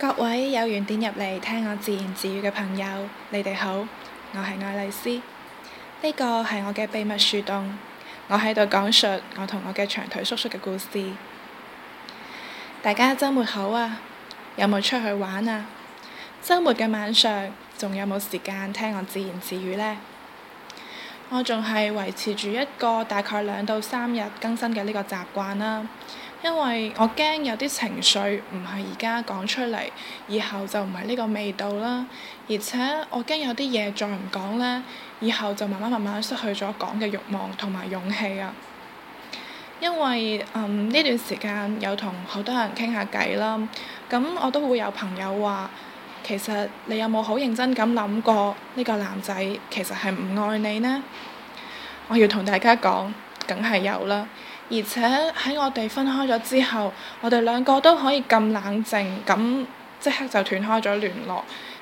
各位有緣點入嚟聽我自言自語嘅朋友，你哋好，我係愛麗絲。呢個係我嘅秘密樹洞，我喺度講述我同我嘅長腿叔叔嘅故事。大家周末好啊，有冇出去玩啊？周末嘅晚上仲有冇時間聽我自言自語呢？我仲係維持住一個大概兩到三日更新嘅呢個習慣啦。因為我驚有啲情緒唔係而家講出嚟，以後就唔係呢個味道啦。而且我驚有啲嘢再唔講咧，以後就慢慢慢慢失去咗講嘅欲望同埋勇氣啊。因為嗯呢段時間有同好多人傾下偈啦，咁我都會有朋友話：其實你有冇好認真咁諗過呢個男仔其實係唔愛你呢？我要同大家講，梗係有啦。而且喺我哋分開咗之後，我哋兩個都可以咁冷靜，咁即刻就斷開咗聯絡，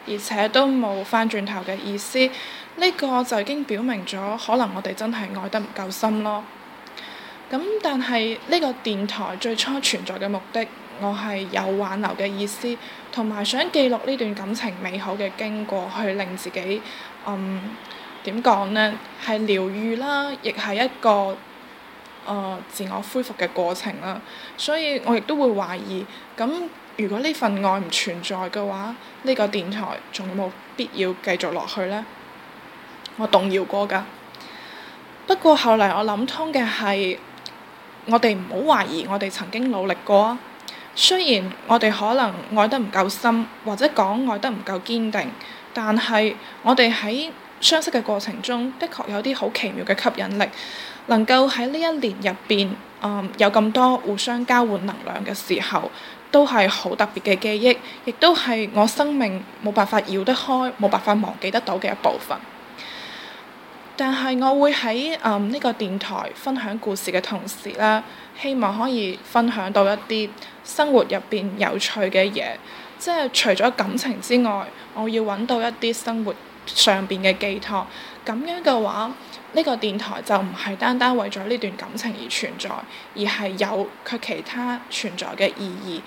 而且都冇翻轉頭嘅意思。呢、呢個就已經表明咗，可能我哋真係愛得唔夠深咯。咁、嗯、但係呢、呢個電台最初存在嘅目的，我係有挽留嘅意思，同埋想記錄呢段感情美好嘅經過，去令自己嗯點講呢？係療愈啦，亦係一個。自我恢復嘅過程啦，所以我亦都會懷疑。咁如果呢份愛唔存在嘅話，呢個電台仲有冇必要繼續落去呢？我動搖過噶，不過後嚟我諗通嘅係，我哋唔好懷疑，我哋曾經努力過。雖然我哋可能愛得唔夠深，或者講愛得唔夠堅定，但係我哋喺～相識嘅過程中，的確有啲好奇妙嘅吸引力，能夠喺呢一年入邊，嗯，有咁多互相交換能量嘅時候，都係好特別嘅記憶，亦都係我生命冇辦法繞得開、冇辦法忘記得到嘅一部分。但係我會喺呢、嗯呢個電台分享故事嘅同時啦，希望可以分享到一啲生活入邊有趣嘅嘢，即係除咗感情之外，我要揾到一啲生活上邊嘅寄託，咁樣嘅話，呢、這個電台就唔係單單為咗呢段感情而存在，而係有佢其他存在嘅意義。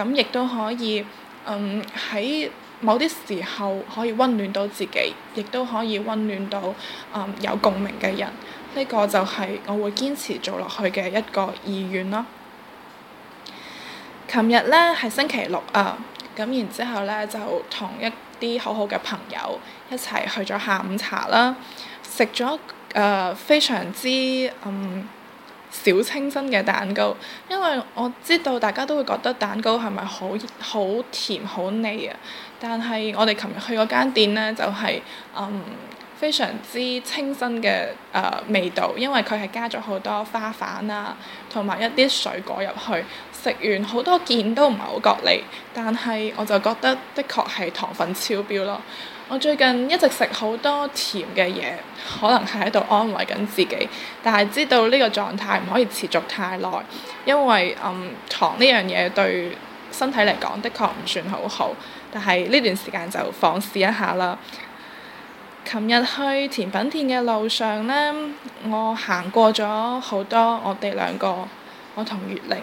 咁亦都可以，嗯喺某啲時候可以溫暖到自己，亦都可以溫暖到、嗯、有共鳴嘅人。呢、這個就係我會堅持做落去嘅一個意願啦。琴日呢係星期六啊，咁、嗯、然之後呢就同一。啲好好嘅朋友一齊去咗下午茶啦，食咗誒非常之嗯小清新嘅蛋糕，因為我知道大家都會覺得蛋糕係咪好好甜好膩啊，但係我哋琴日去嗰間店呢，就係、是、嗯。非常之清新嘅誒、呃、味道，因為佢係加咗好多花瓣啊，同埋一啲水果入去。食完好多件都唔係好覺膩，但係我就覺得的確係糖分超標咯。我最近一直食好多甜嘅嘢，可能係喺度安慰緊自己，但係知道呢個狀態唔可以持續太耐，因為嗯糖呢樣嘢對身體嚟講的確唔算好好。但係呢段時間就放肆一下啦。琴日去甜品店嘅路上呢，我行過咗好多我哋兩個，我同月玲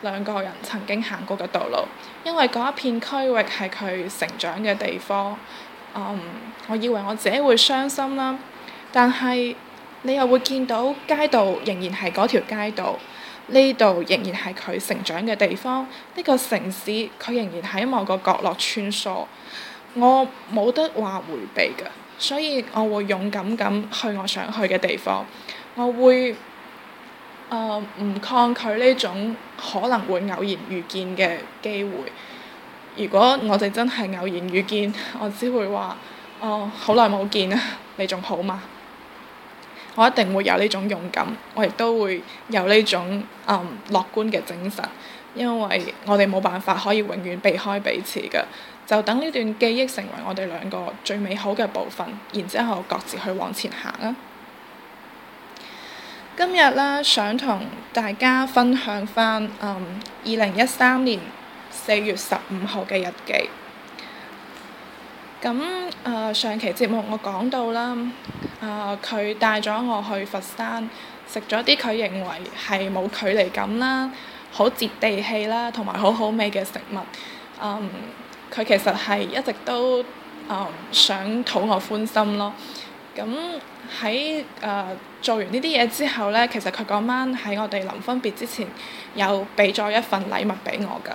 兩個人曾經行過嘅道路。因為嗰一片區域係佢成長嘅地方，嗯，我以為我自己會傷心啦，但係你又會見到街道仍然係嗰條街道，呢度仍然係佢成長嘅地方，呢個城市佢仍然喺某個角落穿梭，我冇得話迴避㗎。所以，我會勇敢咁去我想去嘅地方。我會，呃唔抗拒呢種可能會偶然遇見嘅機會。如果我哋真係偶然遇見，我只會話：我、哦、 好耐冇見啊，你仲好嘛？我一定會有呢種勇敢，我亦都會有呢種誒、嗯、樂觀嘅精神，因為我哋冇辦法可以永遠避開彼此嘅。就等呢段記憶成為我哋兩個最美好嘅部分，然之後各自去往前行啊！今日呢，想同大家分享翻，嗯，二零一三年四月十五號嘅日記。咁、嗯、啊，上期節目我講到啦，啊佢帶咗我去佛山，食咗啲佢認為係冇距離感啦、好接地氣啦同埋好好味嘅食物，嗯。佢其實係一直都，嗯，想討我歡心咯，咁喺誒做完呢啲嘢之後呢，其實佢嗰晚喺我哋臨分別之前，有俾咗一份禮物俾我㗎。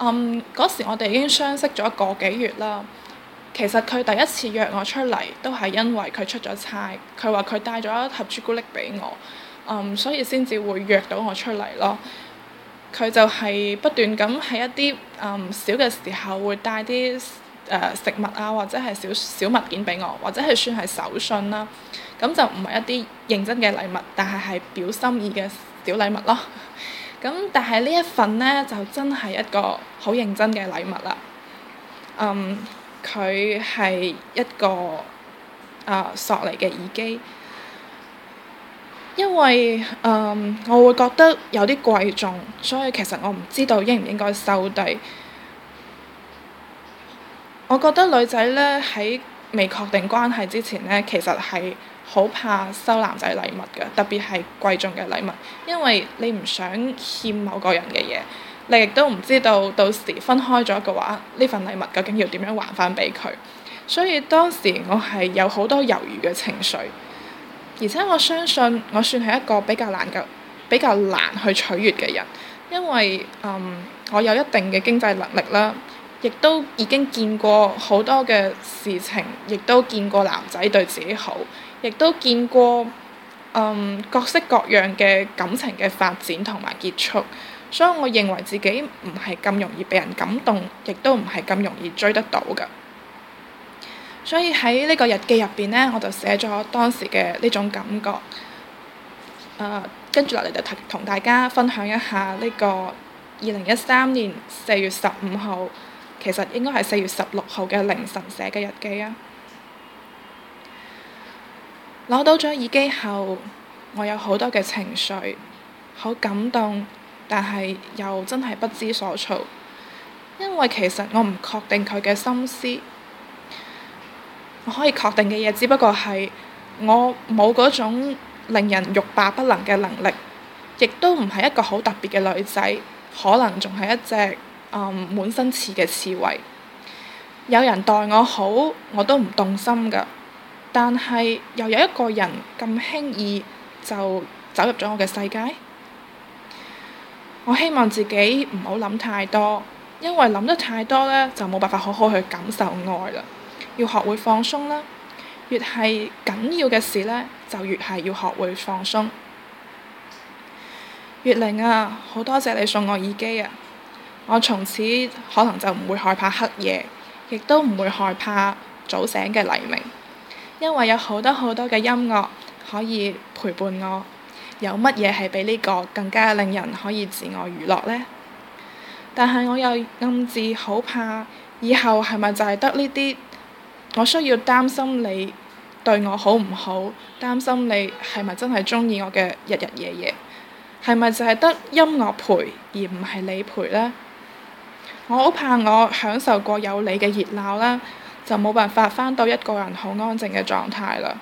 嗯，嗰時我哋已經相識咗個幾月啦。其實佢第一次約我出嚟，都係因為佢出咗差，佢話佢帶咗一盒朱古力俾我，嗯，所以先至會約到我出嚟咯。佢就係不斷咁喺一啲啊、嗯、小嘅時候會帶啲誒、呃、食物啊或者係小小物件俾我，或者係算係手信啦、啊。咁就唔係一啲認真嘅禮物，但係係表心意嘅小禮物咯。咁、嗯、但係呢一份呢，就真係一個好認真嘅禮物啦。嗯，佢係一個、呃、索尼嘅耳機。因為誒、嗯，我會覺得有啲貴重，所以其實我唔知道應唔應該收低。我覺得女仔呢，喺未確定關係之前呢，其實係好怕收男仔禮物嘅，特別係貴重嘅禮物，因為你唔想欠某個人嘅嘢，你亦都唔知道到時分開咗嘅話，呢份禮物究竟要點樣還返畀佢。所以當時我係有好多猶豫嘅情緒。而且我相信我算係一個比較難嘅比較難去取悅嘅人，因為嗯，我有一定嘅經濟能力啦，亦都已經見過好多嘅事情，亦都見過男仔對自己好，亦都見過嗯，各式各樣嘅感情嘅發展同埋結束，所以我認為自己唔係咁容易被人感動，亦都唔係咁容易追得到嘅。所以喺呢個日記入邊呢，我就寫咗當時嘅呢種感覺。誒，跟住落嚟就同同大家分享一下呢個二零一三年四月十五號，其實應該係四月十六號嘅凌晨寫嘅日記啊。攞到咗耳機後，我有好多嘅情緒，好感動，但係又真係不知所措，因為其實我唔確定佢嘅心思。我可以確定嘅嘢，只不過係我冇嗰種令人欲罷不能嘅能力，亦都唔係一個好特別嘅女仔，可能仲係一隻啊、嗯、滿身刺嘅刺猬。有人待我好，我都唔動心噶。但係又有一個人咁輕易就走入咗我嘅世界。我希望自己唔好諗太多，因為諗得太多呢，就冇辦法好好去感受愛啦。要學會放鬆啦，越係緊要嘅事呢，就越係要學會放鬆。月玲啊，好多謝你送我耳機啊，我從此可能就唔會害怕黑夜，亦都唔會害怕早醒嘅黎明，因為有好多好多嘅音樂可以陪伴我。有乜嘢係比呢個更加令人可以自我娛樂呢？但係我又暗自好怕，以後係咪就係得呢啲？我需要擔心你對我好唔好，擔心你係咪真係鍾意我嘅日日夜夜，係咪就係得音樂陪而唔係你陪呢？我好怕我享受過有你嘅熱鬧啦，就冇辦法返到一個人好安靜嘅狀態啦。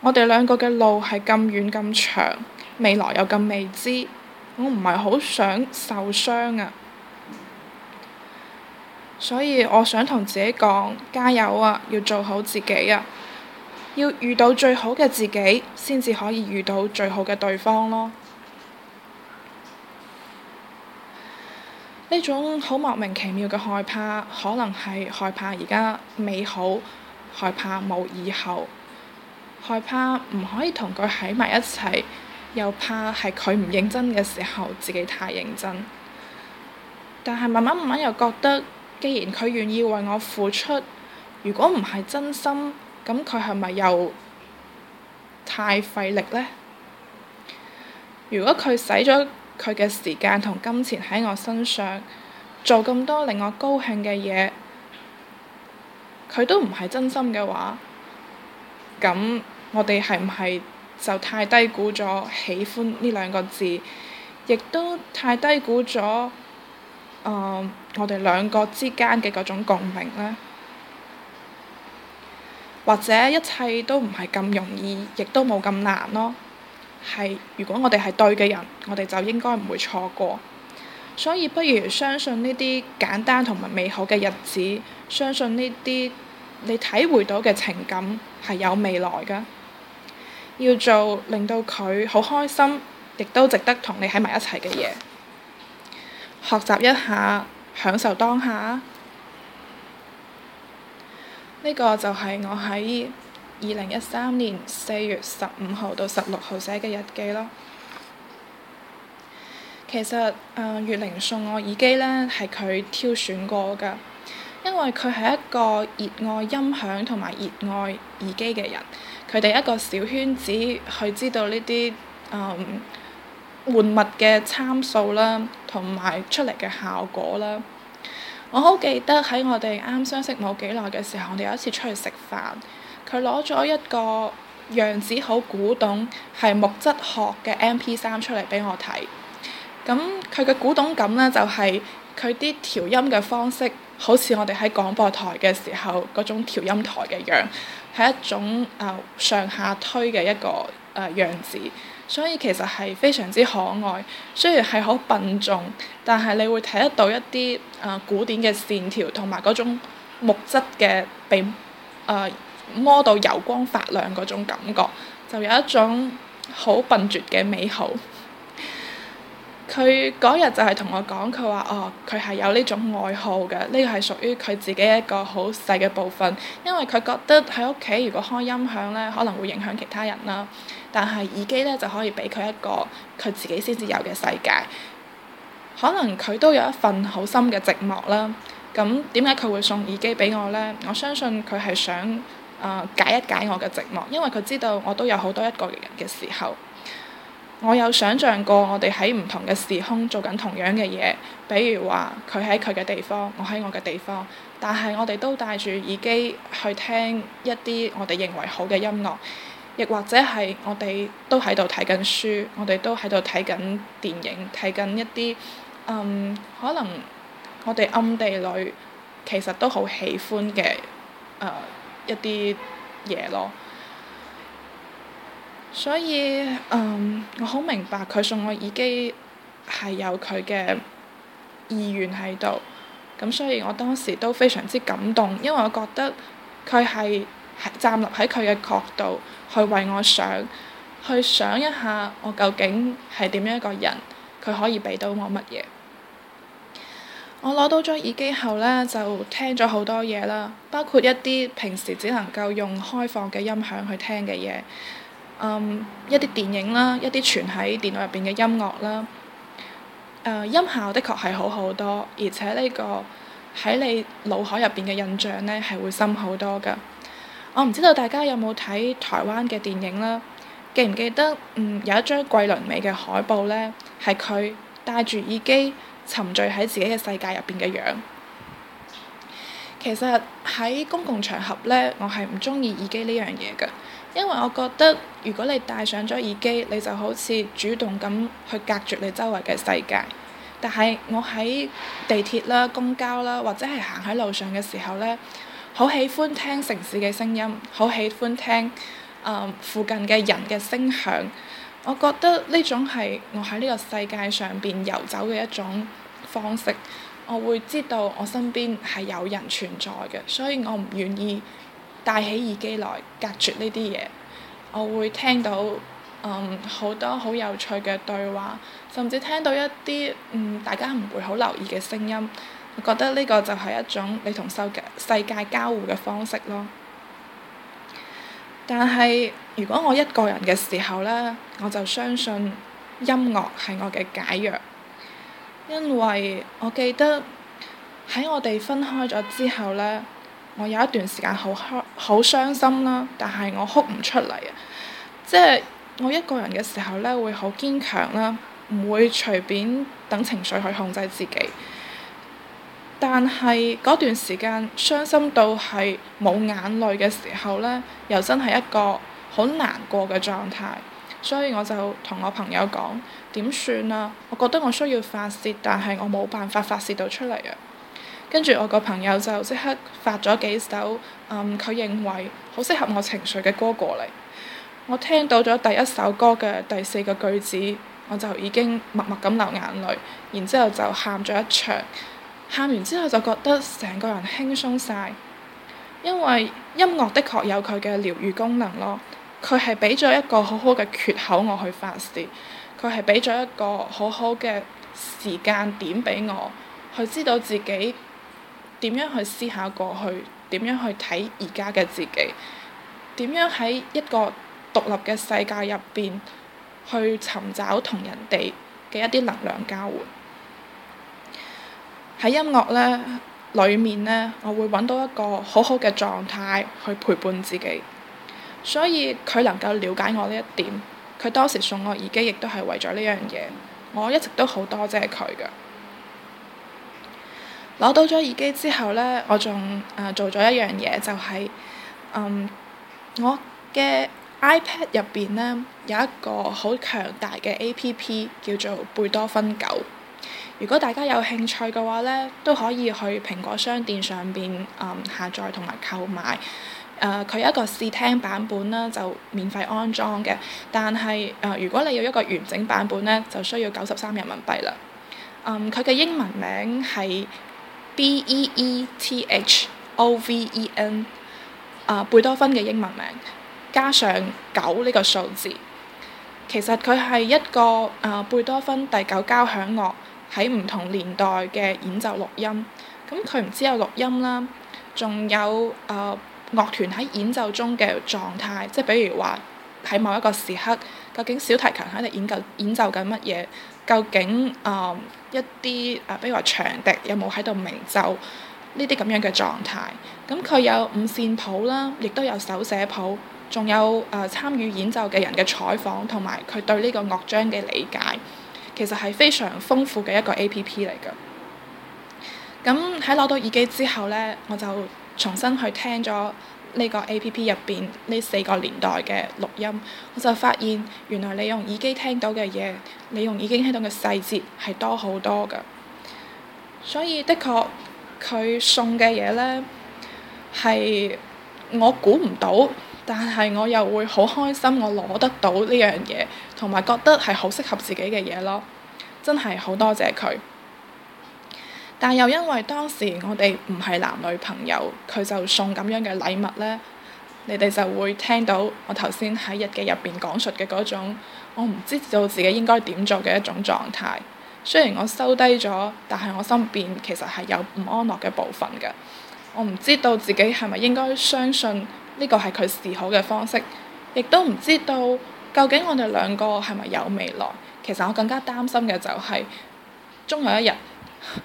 我哋兩個嘅路係咁遠咁長，未來又咁未知，我唔係好想受傷啊！所以我想同自己講：加油啊！要做好自己啊！要遇到最好嘅自己，先至可以遇到最好嘅對方咯。呢種好莫名其妙嘅害怕，可能係害怕而家美好，害怕冇以後，害怕唔可以同佢喺埋一齊，又怕係佢唔認真嘅時候，自己太認真。但係慢慢慢慢又覺得。既然佢願意為我付出，如果唔係真心，咁佢係咪又太費力呢？如果佢使咗佢嘅時間同金錢喺我身上做咁多令我高興嘅嘢，佢都唔係真心嘅話，咁我哋係唔係就太低估咗喜歡呢兩個字，亦都太低估咗。誒，uh, 我哋兩個之間嘅嗰種共鳴呢，或者一切都唔係咁容易，亦都冇咁難咯。係，如果我哋係對嘅人，我哋就應該唔會錯過。所以不如相信呢啲簡單同埋美好嘅日子，相信呢啲你體會到嘅情感係有未來㗎。要做令到佢好開心，亦都值得同你喺埋一齊嘅嘢。學習一下，享受當下。呢、這個就係我喺二零一三年四月十五號到十六號寫嘅日記咯。其實，誒、呃，月玲送我耳機呢，係佢挑選過㗎。因為佢係一個熱愛音響同埋熱愛耳機嘅人，佢哋一個小圈子，去知道呢啲誒。嗯換物嘅參數啦，同埋出嚟嘅效果啦。我好記得喺我哋啱相識冇幾耐嘅時候，我哋有一次出去食飯，佢攞咗一個樣子好古董，係木質殼嘅 MP3 出嚟俾我睇。咁佢嘅古董感呢、就係，就係佢啲調音嘅方式，好似我哋喺廣播台嘅時候嗰種調音台嘅樣，係一種啊上下推嘅一個誒樣子。所以其實係非常之可愛。雖然係好笨重，但係你會睇得到一啲誒古典嘅線條同埋嗰種木質嘅被誒、呃、摸到油光發亮嗰種感覺，就有一種好笨拙嘅美好。佢嗰日就係同我講，佢話：哦，佢係有呢種愛好嘅，呢個係屬於佢自己一個好細嘅部分。因為佢覺得喺屋企如果開音響呢，可能會影響其他人啦。但係耳機呢，就可以俾佢一個佢自己先至有嘅世界。可能佢都有一份好深嘅寂寞啦。咁點解佢會送耳機俾我呢？我相信佢係想、呃、解一解我嘅寂寞，因為佢知道我都有好多一個人嘅時候。我有想像過，我哋喺唔同嘅時空做緊同樣嘅嘢，比如話佢喺佢嘅地方，我喺我嘅地方，但係我哋都帶住耳機去聽一啲我哋認為好嘅音樂，亦或者係我哋都喺度睇緊書，我哋都喺度睇緊電影，睇緊一啲嗯、可能我哋暗地裏其實都好喜歡嘅、呃、一啲嘢咯。所以，嗯，我好明白佢送我耳機係有佢嘅意願喺度。咁所以我當時都非常之感動，因為我覺得佢係站立喺佢嘅角度去為我想，去想一下我究竟係點樣一個人，佢可以俾到我乜嘢。我攞到咗耳機後咧，就聽咗好多嘢啦，包括一啲平時只能夠用開放嘅音響去聽嘅嘢。嗯，一啲電影啦，一啲存喺電腦入邊嘅音樂啦，誒、呃、音效的確係好好多，而且呢個喺你腦海入邊嘅印象呢，係會深好多㗎。我、哦、唔知道大家有冇睇台灣嘅電影啦？記唔記得嗯，有一張桂綸鎂嘅海報呢？係佢戴住耳機沉醉喺自己嘅世界入邊嘅樣。其實喺公共場合呢，我係唔中意耳機呢樣嘢嘅，因為我覺得如果你戴上咗耳機，你就好似主動咁去隔絕你周圍嘅世界。但係我喺地鐵啦、公交啦，或者係行喺路上嘅時候呢，好喜歡聽城市嘅聲音，好喜歡聽、呃、附近嘅人嘅聲響。我覺得呢種係我喺呢個世界上邊遊走嘅一種方式。我會知道我身邊係有人存在嘅，所以我唔願意戴起耳機來隔絕呢啲嘢。我會聽到嗯，好多好有趣嘅對話，甚至聽到一啲嗯，大家唔會好留意嘅聲音。我覺得呢個就係一種你同世界世界交互嘅方式咯。但係如果我一個人嘅時候咧，我就相信音樂係我嘅解藥。因為我記得喺我哋分開咗之後呢，我有一段時間好傷好傷心啦，但係我哭唔出嚟啊！即係我一個人嘅時候呢，會好堅強啦，唔會隨便等情緒去控制自己。但係嗰段時間傷心到係冇眼淚嘅時候呢，又真係一個好難過嘅狀態。所以我就同我朋友講，點算啊？我覺得我需要發泄，但係我冇辦法發泄到出嚟啊。跟住我個朋友就即刻發咗幾首，嗯，佢認為好適合我情緒嘅歌過嚟。我聽到咗第一首歌嘅第四個句子，我就已經默默咁流眼淚，然之後就喊咗一場。喊完之後就覺得成個人輕鬆晒，因為音樂的確有佢嘅療愈功能咯。佢係俾咗一個好好嘅缺口我去發泄，佢係俾咗一個好好嘅時間點俾我，去知道自己點樣去思考過去，點樣去睇而家嘅自己，點樣喺一個獨立嘅世界入邊去尋找同人哋嘅一啲能量交換，喺音樂呢裏面呢，我會揾到一個好好嘅狀態去陪伴自己。所以佢能夠了解我呢一點，佢當時送我耳機，亦都係為咗呢樣嘢。我一直都好多謝佢㗎。攞到咗耳機之後呢，我仲、呃、做咗一樣嘢，就係、是嗯、我嘅 iPad 入邊呢，有一個好強大嘅 APP 叫做貝多芬狗。如果大家有興趣嘅話呢，都可以去蘋果商店上邊、嗯、下載同埋購買。誒佢、呃、一個試聽版本啦，就免費安裝嘅。但係誒、呃，如果你要一個完整版本咧，就需要九十三人民幣啦。嗯、呃，佢嘅英文名係 Beethoven，啊、呃，貝多芬嘅英文名加上九呢個數字。其實佢係一個誒、呃、貝多芬第九交響樂喺唔同年代嘅演奏錄音。咁佢唔止有錄音啦，仲有誒。呃樂團喺演奏中嘅狀態，即係比如話喺某一個時刻，究竟小提琴喺度演奏演奏緊乜嘢？究竟啊、呃、一啲啊，比如話長笛有冇喺度鳴奏呢啲咁樣嘅狀態？咁、嗯、佢有五線譜啦，亦都有手寫譜，仲有啊參與演奏嘅人嘅採訪同埋佢對呢個樂章嘅理解，其實係非常豐富嘅一個 app 嚟㗎。咁喺攞到耳機之後呢，我就。重新去聽咗呢個 App 入邊呢四個年代嘅錄音，我就發現原來你用耳機聽到嘅嘢，你用耳機聽到嘅細節係多好多㗎。所以的確，佢送嘅嘢呢，係我估唔到，但係我又會好開心，我攞得到呢樣嘢，同埋覺得係好適合自己嘅嘢咯。真係好多謝佢。但又因為當時我哋唔係男女朋友，佢就送咁樣嘅禮物呢，你哋就會聽到我頭先喺日記入邊講述嘅嗰種，我唔知道自己應該點做嘅一種狀態。雖然我收低咗，但係我心入邊其實係有唔安樂嘅部分嘅。我唔知道自己係咪應該相信呢個係佢示好嘅方式，亦都唔知道究竟我哋兩個係咪有未來。其實我更加擔心嘅就係，終有一日。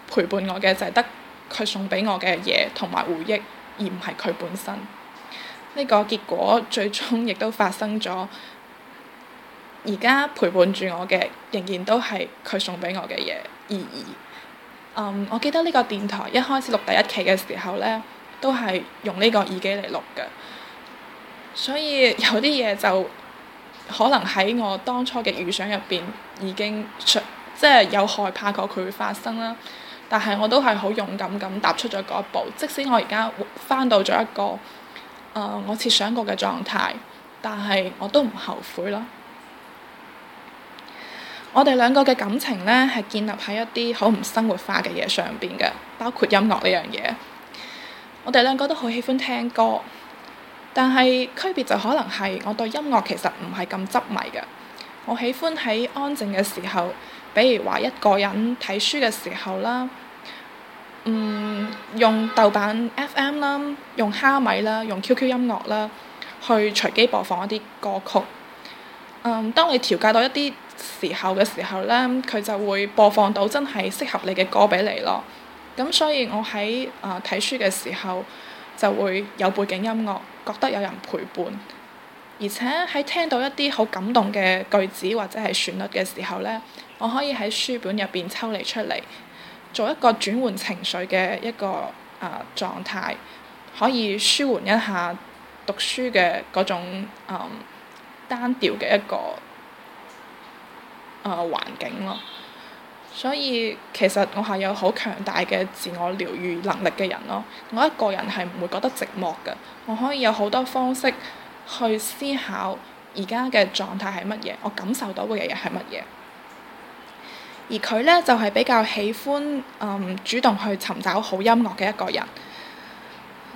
陪伴我嘅就係得佢送俾我嘅嘢同埋回憶，而唔係佢本身。呢個結果最終亦都發生咗。而家陪伴住我嘅仍然都係佢送俾我嘅嘢而已。嗯，我記得呢個電台一開始錄第一期嘅時候呢，都係用呢個耳機嚟錄嘅。所以有啲嘢就可能喺我當初嘅預想入邊已經出。即係有害怕過佢會發生啦，但係我都係好勇敢咁踏出咗嗰一步。即使我而家返到咗一個、呃，我設想過嘅狀態，但係我都唔後悔啦。 我哋兩個嘅感情呢，係建立喺一啲好唔生活化嘅嘢上邊嘅，包括音樂呢樣嘢。我哋兩個都好喜歡聽歌，但係區別就可能係我對音樂其實唔係咁執迷嘅。我喜歡喺安靜嘅時候。比如話一個人睇書嘅時候啦，嗯，用豆瓣 FM 啦，用蝦米啦，用 QQ 音樂啦，去隨機播放一啲歌曲。嗯，當你調教到一啲時候嘅時候呢，佢就會播放到真係適合你嘅歌俾你咯。咁所以我喺、呃、睇書嘅時候就會有背景音樂，覺得有人陪伴。而且喺聽到一啲好感動嘅句子或者係旋律嘅時候呢，我可以喺書本入邊抽離出嚟，做一個轉換情緒嘅一個啊狀態，可以舒緩一下讀書嘅嗰種啊、呃、單調嘅一個啊呃、環境咯。所以其實我係有好強大嘅自我療癒能力嘅人咯。我一個人係唔會覺得寂寞嘅。我可以有好多方式去思考而家嘅狀態係乜嘢，我感受到嘅嘢係乜嘢。而佢呢，就係、是、比較喜歡、嗯，主動去尋找好音樂嘅一個人。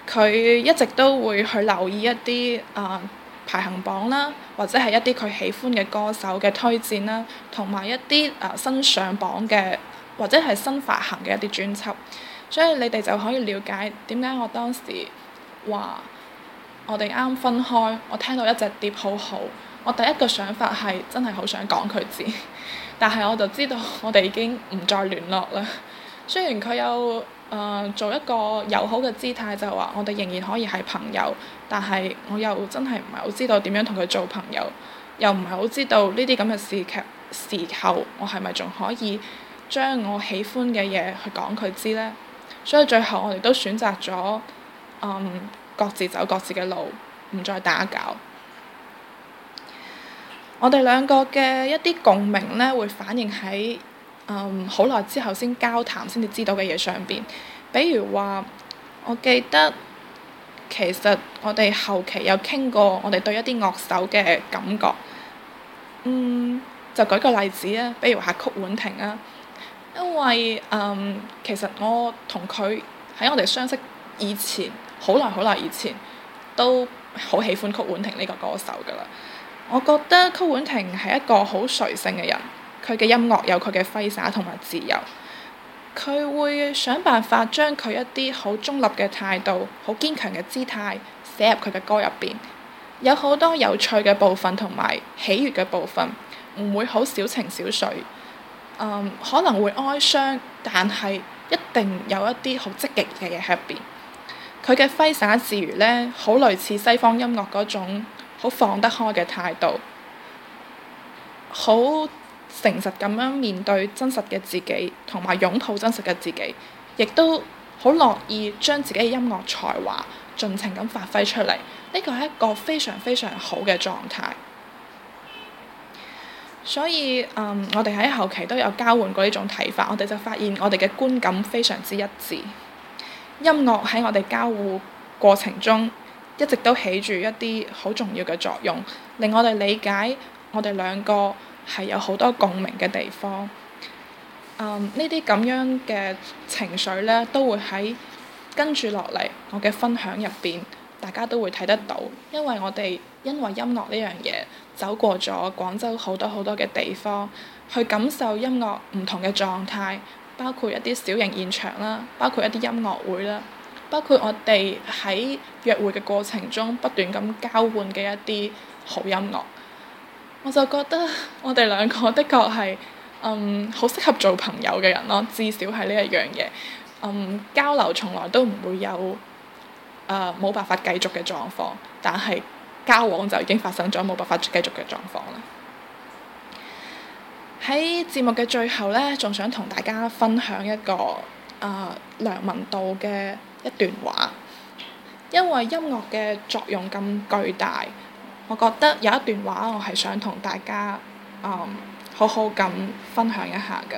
佢一直都會去留意一啲啊、呃、排行榜啦，或者係一啲佢喜歡嘅歌手嘅推薦啦，同埋一啲啊、呃、新上榜嘅或者係新發行嘅一啲專輯。所以你哋就可以了解點解我當時話我哋啱分開，我聽到一隻碟好好，我第一個想法係真係好想講佢知。但係我就知道我哋已經唔再聯絡啦。雖然佢有誒、呃、做一個友好嘅姿態，就係話我哋仍然可以係朋友，但係我又真係唔係好知道點樣同佢做朋友，又唔係好知道呢啲咁嘅事。劇時候，我係咪仲可以將我喜歡嘅嘢去講佢知呢？所以最後我哋都選擇咗嗯各自走各自嘅路，唔再打攪。我哋兩個嘅一啲共鳴呢，會反映喺好耐之後先交談先至知道嘅嘢上邊，比如話，我記得其實我哋後期有傾過，我哋對一啲樂手嘅感覺，嗯，就舉個例子啊，比如話曲婉婷啊，因為嗯其實我同佢喺我哋相識以前，好耐好耐以前都好喜歡曲婉婷呢個歌手㗎喇。我覺得曲婉婷係一個好隨性嘅人，佢嘅音樂有佢嘅揮灑同埋自由，佢會想辦法將佢一啲好中立嘅態度、好堅強嘅姿態寫入佢嘅歌入邊，有好多有趣嘅部分同埋喜悅嘅部分，唔會好小情小緒，嗯，可能會哀傷，但係一定有一啲好積極嘅嘢喺入邊。佢嘅揮灑自如呢，好類似西方音樂嗰種。好放得開嘅態度，好誠實咁樣面對真實嘅自己，同埋擁抱真實嘅自己，亦都好樂意將自己嘅音樂才華盡情咁發揮出嚟。呢個係一個非常非常好嘅狀態。所以，嗯，我哋喺後期都有交換過呢種睇法，我哋就發現我哋嘅觀感非常之一致。音樂喺我哋交互過程中，一直都起住一啲好重要嘅作用，令我哋理解我哋兩個係有好多共鳴嘅地方。嗯，呢啲咁樣嘅情緒呢，都會喺跟住落嚟我嘅分享入邊，大家都會睇得到。因為我哋因為音樂呢樣嘢，走過咗廣州好多好多嘅地方，去感受音樂唔同嘅狀態，包括一啲小型現場啦，包括一啲音樂會啦。包括我哋喺約會嘅過程中不斷咁交換嘅一啲好音樂，我就覺得我哋兩個的確係嗯好適合做朋友嘅人咯，至少係呢一樣嘢。嗯，交流從來都唔會有呃冇辦法繼續嘅狀況，但係交往就已經發生咗冇辦法繼續嘅狀況啦。喺節目嘅最後呢，仲想同大家分享一個啊梁文道嘅呃一段話，因為音樂嘅作用咁巨大，我覺得有一段話我係想同大家、um, 好好咁分享一下嘅。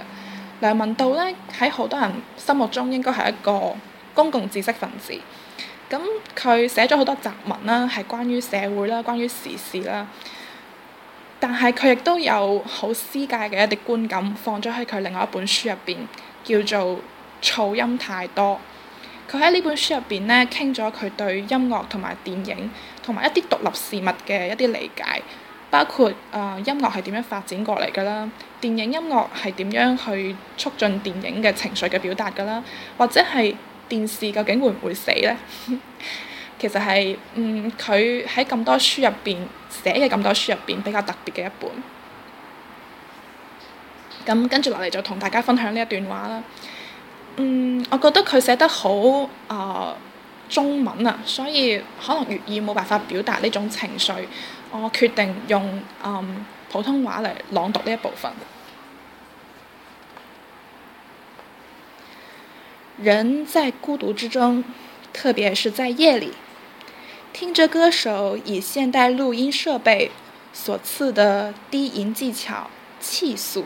梁文道呢，喺好多人心目中應該係一個公共知識分子，咁佢寫咗好多雜文啦，係關於社會啦、關於時事啦，但係佢亦都有好私界嘅一啲觀感，放咗喺佢另外一本書入邊，叫做噪音太多。佢喺呢本書入邊呢，傾咗佢對音樂同埋電影同埋一啲獨立事物嘅一啲理解，包括誒、呃、音樂係點樣發展過嚟㗎啦，電影音樂係點樣去促進電影嘅情緒嘅表達㗎啦，或者係電視究竟會唔會死呢？ 其實係嗯，佢喺咁多書入邊寫嘅咁多書入邊比較特別嘅一本。咁跟住落嚟就同大家分享呢一段話啦。嗯，我覺得佢寫得好啊、呃、中文啊，所以可能粵語冇辦法表達呢種情緒，我決定用嗯普通話嚟朗讀呢一部分。人在孤獨之中，特別是在夜裡，聽著歌手以現代錄音設備所賜的低音技巧氣訴。氣速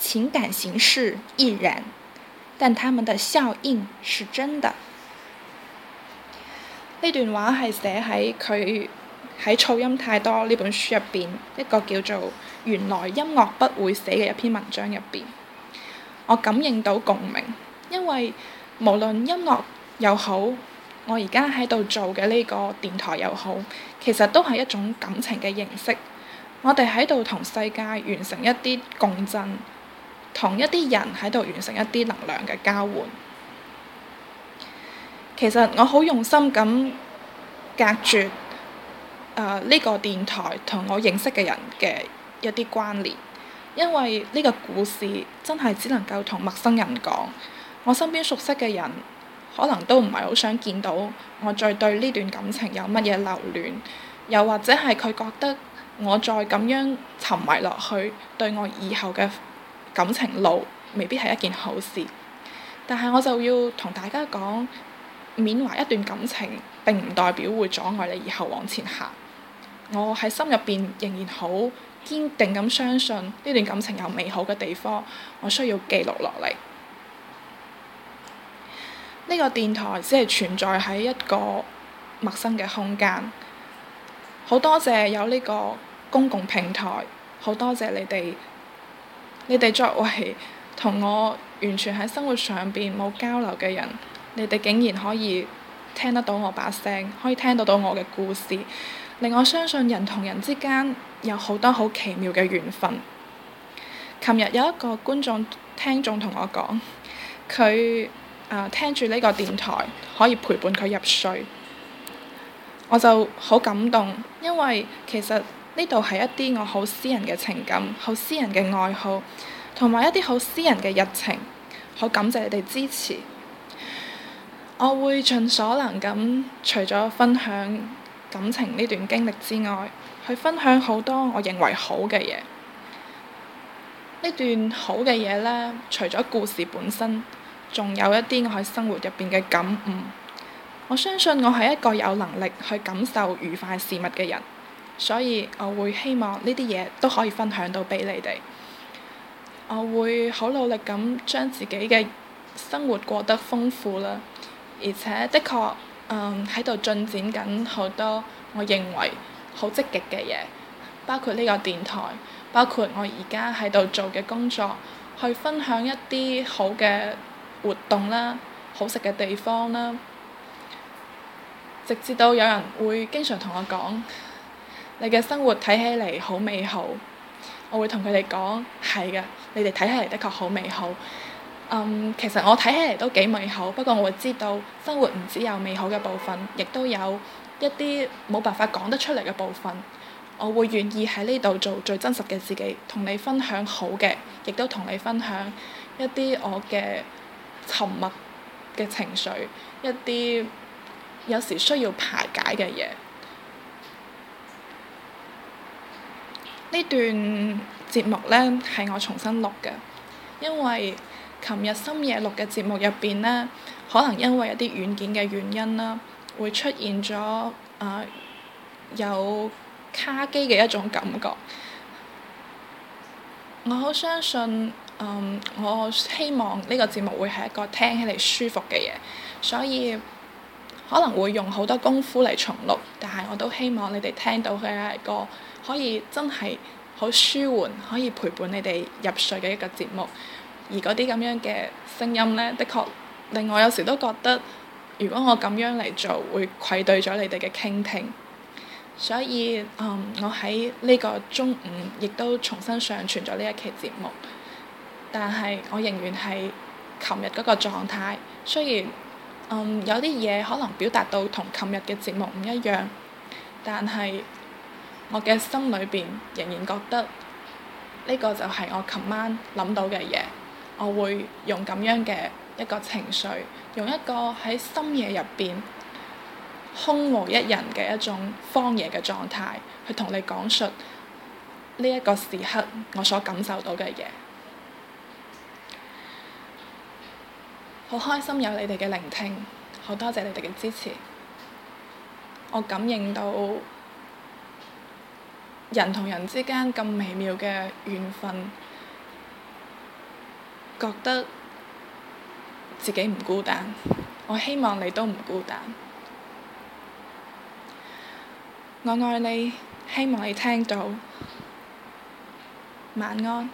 情感形式亦然，但他們的效應是真的。呢段話係寫喺佢喺《噪音太多》呢本書入邊，一個叫做《原來音樂不會寫》嘅一篇文章入邊，我感應到共鳴，因為無論音樂又好，我而家喺度做嘅呢個電台又好，其實都係一種感情嘅形式。我哋喺度同世界完成一啲共振。同一啲人喺度完成一啲能量嘅交換。其實我好用心咁隔住呢、呃這個電台同我認識嘅人嘅一啲關聯，因為呢個故事真係只能夠同陌生人講。我身邊熟悉嘅人可能都唔係好想見到我再對呢段感情有乜嘢留戀，又或者係佢覺得我再咁樣沉迷落去，對我以後嘅感情路未必係一件好事，但係我就要同大家講，緬懷一段感情並唔代表會阻礙你以後往前行。我喺心入邊仍然好堅定咁相信呢段感情有美好嘅地方，我需要記錄落嚟。呢個電台只係存在喺一個陌生嘅空間。好多謝有呢個公共平台，好多謝你哋。你哋作為同我完全喺生活上面冇交流嘅人，你哋竟然可以聽得到我把聲，可以聽得到我嘅故事，令我相信人同人之間有好多好奇妙嘅緣分。琴日有一個觀眾聽眾同我講，佢啊、呃、聽住呢個電台可以陪伴佢入睡，我就好感動，因為其實。呢度係一啲我好私人嘅情感、好私人嘅愛好，同埋一啲好私人嘅日程。好感謝你哋支持，我會盡所能咁，除咗分享感情呢段經歷之外，去分享好多我認為好嘅嘢。呢段好嘅嘢呢，除咗故事本身，仲有一啲我喺生活入邊嘅感悟。我相信我係一個有能力去感受愉快事物嘅人。所以我會希望呢啲嘢都可以分享到畀你哋。我會好努力咁將自己嘅生活過得豐富啦，而且的確嗯，喺度進展緊好多我認為好積極嘅嘢，包括呢個電台，包括我而家喺度做嘅工作，去分享一啲好嘅活動啦、好食嘅地方啦，直至到有人會經常同我講。你嘅生活睇起嚟好美好，我會同佢哋講，係嘅，你哋睇起嚟的確好美好。嗯，其實我睇起嚟都幾美好，不過我會知道生活唔止有美好嘅部分，亦都有一啲冇辦法講得出嚟嘅部分。我會願意喺呢度做最真實嘅自己，同你分享好嘅，亦都同你分享一啲我嘅沉默嘅情緒，一啲有時需要排解嘅嘢。呢段節目呢係我重新錄嘅，因為琴日深夜錄嘅節目入邊呢，可能因為一啲軟件嘅原因啦，會出現咗啊、呃、有卡機嘅一種感覺。我好相信，嗯、呃，我希望呢個節目會係一個聽起嚟舒服嘅嘢，所以。可能會用好多功夫嚟重錄，但係我都希望你哋聽到嘅係一個可以真係好舒緩、可以陪伴你哋入睡嘅一個節目。而嗰啲咁樣嘅聲音呢，的確令我有時都覺得，如果我咁樣嚟做，會愧對咗你哋嘅傾聽。所以，嗯，我喺呢個中午亦都重新上傳咗呢一期節目，但係我仍然係琴日嗰個狀態，雖然。Um, 有啲嘢可能表達到同琴日嘅節目唔一樣，但係我嘅心裏邊仍然覺得呢個就係我琴晚諗到嘅嘢，我會用咁樣嘅一個情緒，用一個喺深夜入邊空無一人嘅一種荒野嘅狀態，去同你講述呢一個時刻我所感受到嘅嘢。好開心有你哋嘅聆聽，好多謝你哋嘅支持。我感應到人同人之間咁微妙嘅緣分，覺得自己唔孤單。我希望你都唔孤單。我愛你，希望你聽到。晚安。